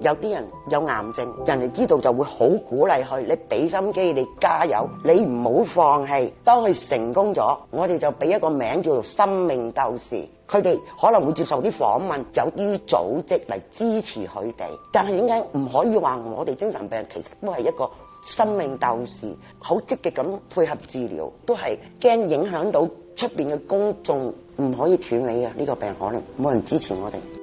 有啲人有癌症，人哋知道就會好鼓勵佢。你俾心機，你加油，你唔好放棄。當佢成功咗，我哋就俾一個名叫做生命鬥士。佢哋可能會接受啲訪問，有啲組織嚟支持佢哋。但係點解唔可以話我哋精神病其實都係一個生命鬥士，好積極咁配合治療，都係驚影響到出邊嘅公眾，唔可以斷尾啊！呢個病可能冇人支持我哋。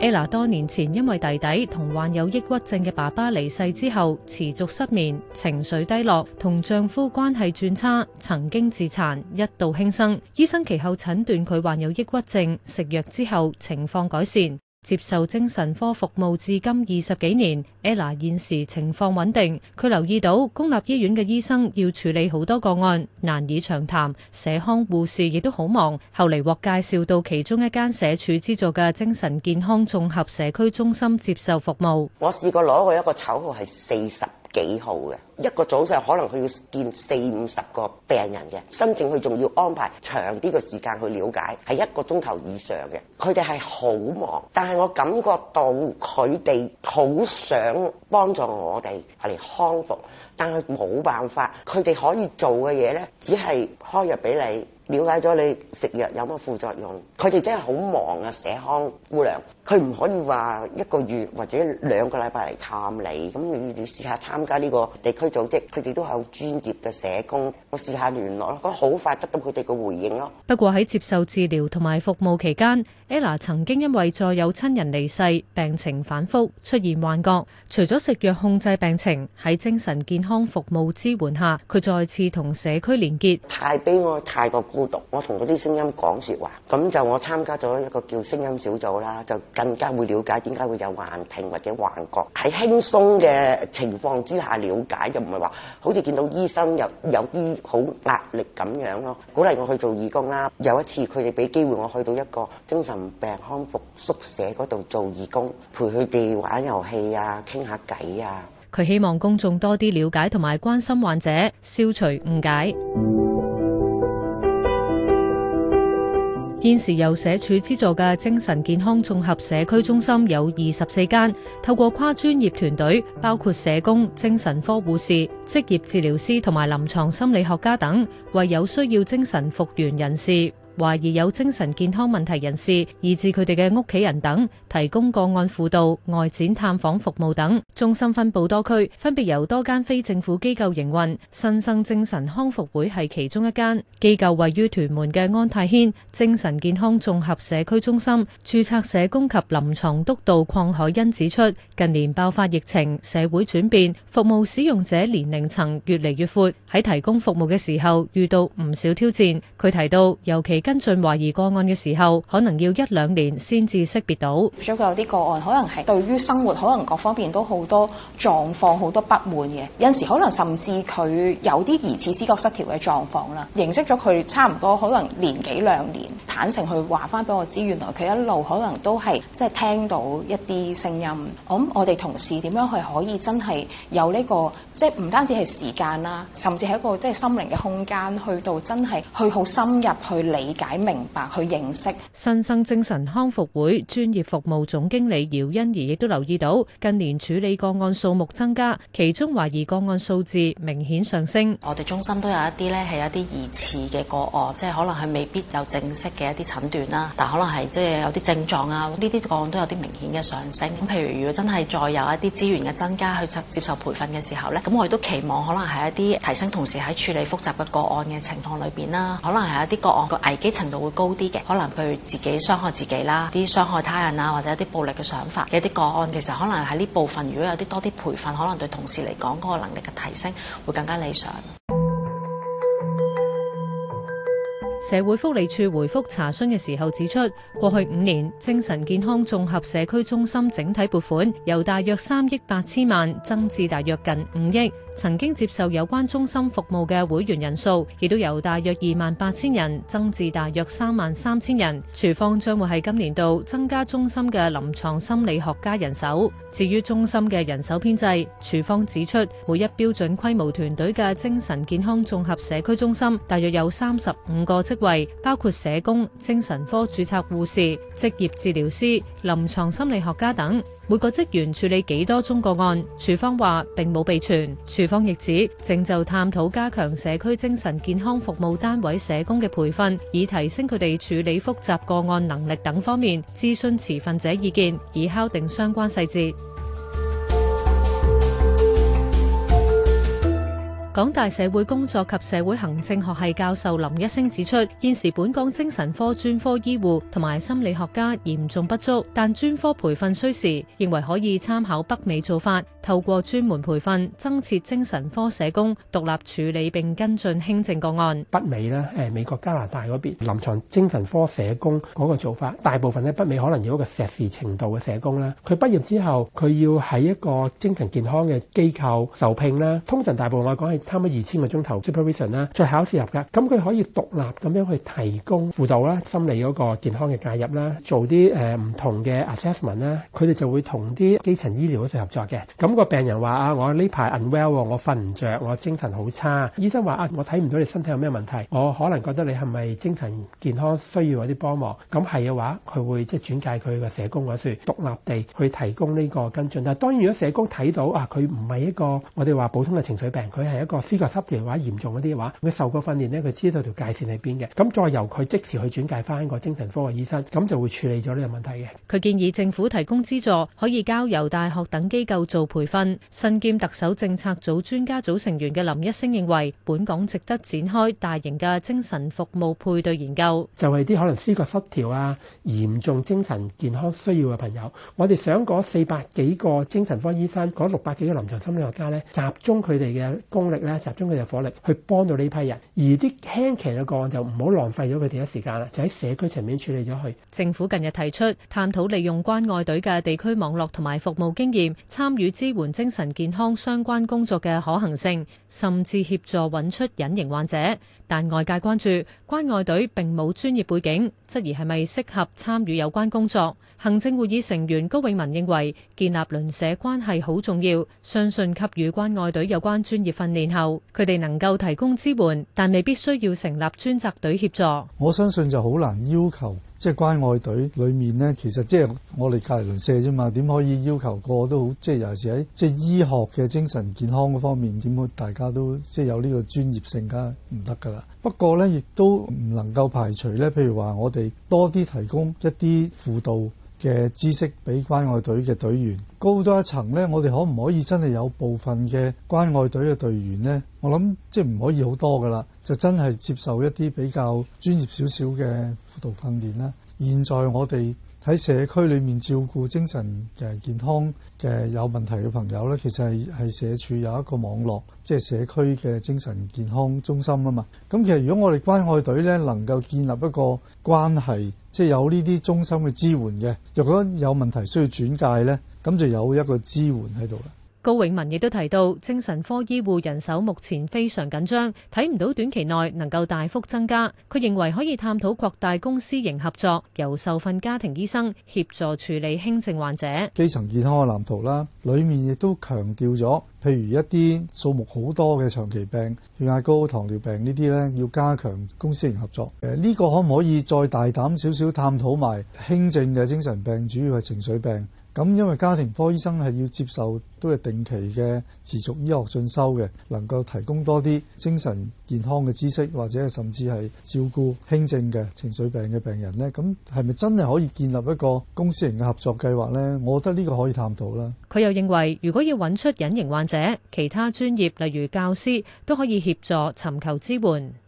Ella 多年前因為弟弟同患有抑鬱症嘅爸爸離世之後，持續失眠、情緒低落，同丈夫關係轉差，曾經自殘，一度輕生。醫生其後診斷佢患有抑鬱症，食藥之後情況改善。接受精神科服務至今二十幾年 Ella 現時情況穩定佢留意到公立醫院嘅醫生要處理好多個案難以長談社康護士亦都好忙後嚟獲介紹到其中一間社署資助嘅精神健康綜合社區中心接受服務我感覺到佢哋好想幫助我哋嚟康復，但係冇辦法，佢哋可以做嘅嘢咧，只係開藥俾你。了解咗你食藥有乜副作用，佢哋真係好忙啊！社康姑娘，佢唔可以話一個月或者兩個禮拜嚟探你，咁你你試下參加呢個地區組織，佢哋都係好專業嘅社工，我試下聯絡咯，咁好快得到佢哋嘅回應咯。不過喺接受治療同埋服務期間，Ella 曾經因為再有親人離世、病情反覆出現幻覺，除咗食藥控制病情，喺精神健康服務支援下，佢再次同社區連結，太悲哀，太過。孤獨，我同嗰啲聲音講説話，咁就我參加咗一個叫聲音小組啦，就更加會了解點解會有幻聽或者幻覺，喺輕鬆嘅情況之下了解，就唔係話好似見到醫生有有啲好壓力咁樣咯。鼓勵我去做義工啦，有一次佢哋俾機會我去到一個精神病康復宿舍嗰度做義工，陪佢哋玩遊戲啊，傾下偈啊。佢希望公眾多啲了解同埋關心患者，消除誤解。現時由社署資助嘅精神健康綜合社區中心有二十四間，透過跨專業團隊，包括社工、精神科護士、職業治療師同埋臨床心理學家等，為有需要精神復原人士。懷疑有精神健康問題人士，以致佢哋嘅屋企人等提供個案輔導、外展探訪服務等。中心分布多區，分別由多間非政府機構營運。新生精神康復會係其中一間機構，位於屯門嘅安泰軒精神健康綜合社區中心註冊社工及臨床督導鄺海欣指出，近年爆發疫情，社會轉變，服務使用者年齡層越嚟越闊，喺提供服務嘅時候遇到唔少挑戰。佢提到，尤其。跟進懷疑個案嘅時候，可能要一兩年先至識別到。咁所佢有啲個案，可能係對於生活，可能各方面都好多狀況，好多不滿嘅。有陣時可能甚至佢有啲疑似思覺失調嘅狀況啦。認識咗佢差唔多可能年幾兩年，坦誠去話翻俾我知，原來佢一路可能都係即係聽到一啲聲音。咁我哋同事點樣去可以真係有呢個，即係唔單止係時間啦，甚至係一個即係心靈嘅空間，去到真係去好深入去理解明白去認識。新生精神康復會專業服務總經理姚欣怡亦都留意到近年處理個案數目增加，其中懷疑個案數字明顯上升。我哋中心都有一啲咧係一啲疑似嘅個案，即係可能係未必有正式嘅一啲診斷啦，但可能係即係有啲症狀啊，呢啲個案都有啲明顯嘅上升。咁譬如如果真係再有一啲資源嘅增加去接受培訓嘅時候咧，咁我亦都期望可能係一啲提升，同時，喺處理複雜嘅個案嘅情況裏邊啦，可能係一啲個案嘅危機。程度會高啲嘅，可能佢自己傷害自己啦，啲傷害他人啊，或者有啲暴力嘅想法嘅一啲個案，其實可能喺呢部分，如果有啲多啲培訓，可能對同事嚟講嗰個能力嘅提升會更加理想。社會福利署回覆查詢嘅時候指出，過去五年精神健康綜合社區中心整體撥款由大約三億八千萬增至大約近五億。曾經接受有關中心服務嘅會員人數，亦都由大約二萬八千人增至大約三萬三千人。署方將會喺今年度增加中心嘅臨床心理學家人手。至於中心嘅人手編制，署方指出，每一標準規模團隊嘅精神健康綜合社區中心大約有三十五個職位，包括社工、精神科註冊護士、職業治療師、臨床心理學家等。每個職員處理幾多宗個案？署方話並冇備存。署方亦指，正就探討加強社區精神健康服務單位社工嘅培訓，以提升佢哋處理複雜個案能力等方面，諮詢持份者意見，以敲定相關細節。港大社會工作及社會行政學系教授林一星指出，現時本港精神科專科醫護同埋心理學家嚴重不足，但專科培訓需時，認為可以參考北美做法，透過專門培訓，增設精神科社工，獨立處理並跟進輕症個案。北美呢，誒美國加拿大嗰邊臨床精神科社工嗰個做法，大部分呢，北美可能要一個碩士程度嘅社工啦，佢畢業之後佢要喺一個精神健康嘅機構受聘啦，通常大部分我講係。差唔多二千個鐘頭 supervision 啦，再考試合格，咁佢可以獨立咁樣去提供輔導啦，心理嗰個健康嘅介入啦，做啲誒唔同嘅 assessment 啦，佢哋就會同啲基層醫療嗰度合作嘅。咁個病人話啊，我呢排 unwell 喎，我瞓唔著，我精神好差。醫生話啊，我睇唔到你身體有咩問題，我可能覺得你係咪精神健康需要嗰啲幫忙？咁係嘅話，佢會即係轉介佢個社工嗰度獨立地去提供呢個跟進。但係當然，如果社工睇到啊，佢唔係一個我哋話普通嘅情緒病，佢係一個，思覺失調嘅話，嚴重嗰啲嘅話，佢受過訓練呢，佢知道條界線喺邊嘅。咁再由佢即時去轉介翻個精神科嘅醫生，咁就會處理咗呢個問題嘅。佢建議政府提供資助，可以交由大學等機構做培訓。身兼特首政策組專家組成員嘅林一星認為，本港值得展開大型嘅精神服務配對研究。研究就係啲可能思覺失調啊，嚴重精神健康需要嘅朋友，我哋想嗰四百幾個精神科醫生，嗰六百幾個臨床心理學家呢，集中佢哋嘅功力。集中佢嘅火力去幫到呢批人，而啲輕微嘅個案就唔好浪費咗佢哋嘅時間啦，就喺社區層面處理咗佢。政府近日提出探討利用關愛隊嘅地區網絡同埋服務經驗參與支援精神健康相關工作嘅可行性，甚至協助揾出隱形患者。但外界關注關愛隊並冇專業背景，質疑係咪適合參與有關工作。行政會議成員高永文認為，建立鄰舍關係好重要，相信給予關愛隊有關專業訓練。後佢哋能夠提供支援，但未必需要成立專責隊協助。我相信就好難要求，即係關愛隊裏面呢，其實即係我哋隔籬鄰舍啫嘛，點可以要求個個都好？即係尤其是喺即係醫學嘅精神健康嗰方面，點會大家都即係有呢個專業性噶唔得噶啦？不過呢，亦都唔能夠排除呢，譬如話我哋多啲提供一啲輔導。嘅知識俾關愛隊嘅隊員，高多一層呢，我哋可唔可以真係有部分嘅關愛隊嘅隊員呢？我諗即係唔可以好多㗎喇，就真係接受一啲比較專業少少嘅輔導訓練啦。現在我哋喺社區裏面照顧精神嘅健康嘅有問題嘅朋友呢其實係係社署有一個網絡，即係社區嘅精神健康中心啊嘛。咁其實如果我哋關愛隊呢能夠建立一個關係，即係有呢啲中心嘅支援嘅，若果有問題需要轉介呢，咁就有一個支援喺度啦。高永文亦都提到，精神科醫護人手目前非常緊張，睇唔到短期內能夠大幅增加。佢認為可以探討擴大公私營合作，由受訓家庭醫生協助處理輕症患者。基層健康嘅藍圖啦，裏面亦都強調咗，譬如一啲數目好多嘅長期病，血壓高、糖尿病呢啲咧，要加強公私營合作。誒、這、呢個可唔可以再大膽少少探討埋輕症嘅精神病，主要係情緒病？咁因為家庭科醫生係要接受都係定期嘅持續醫學進修嘅，能夠提供多啲精神健康嘅知識，或者係甚至係照顧輕症嘅情緒病嘅病人呢。咁係咪真係可以建立一個公私營嘅合作計劃呢？我覺得呢個可以探討啦。佢又認為，如果要揾出隱形患者，其他專業，例如教師，都可以協助尋求支援。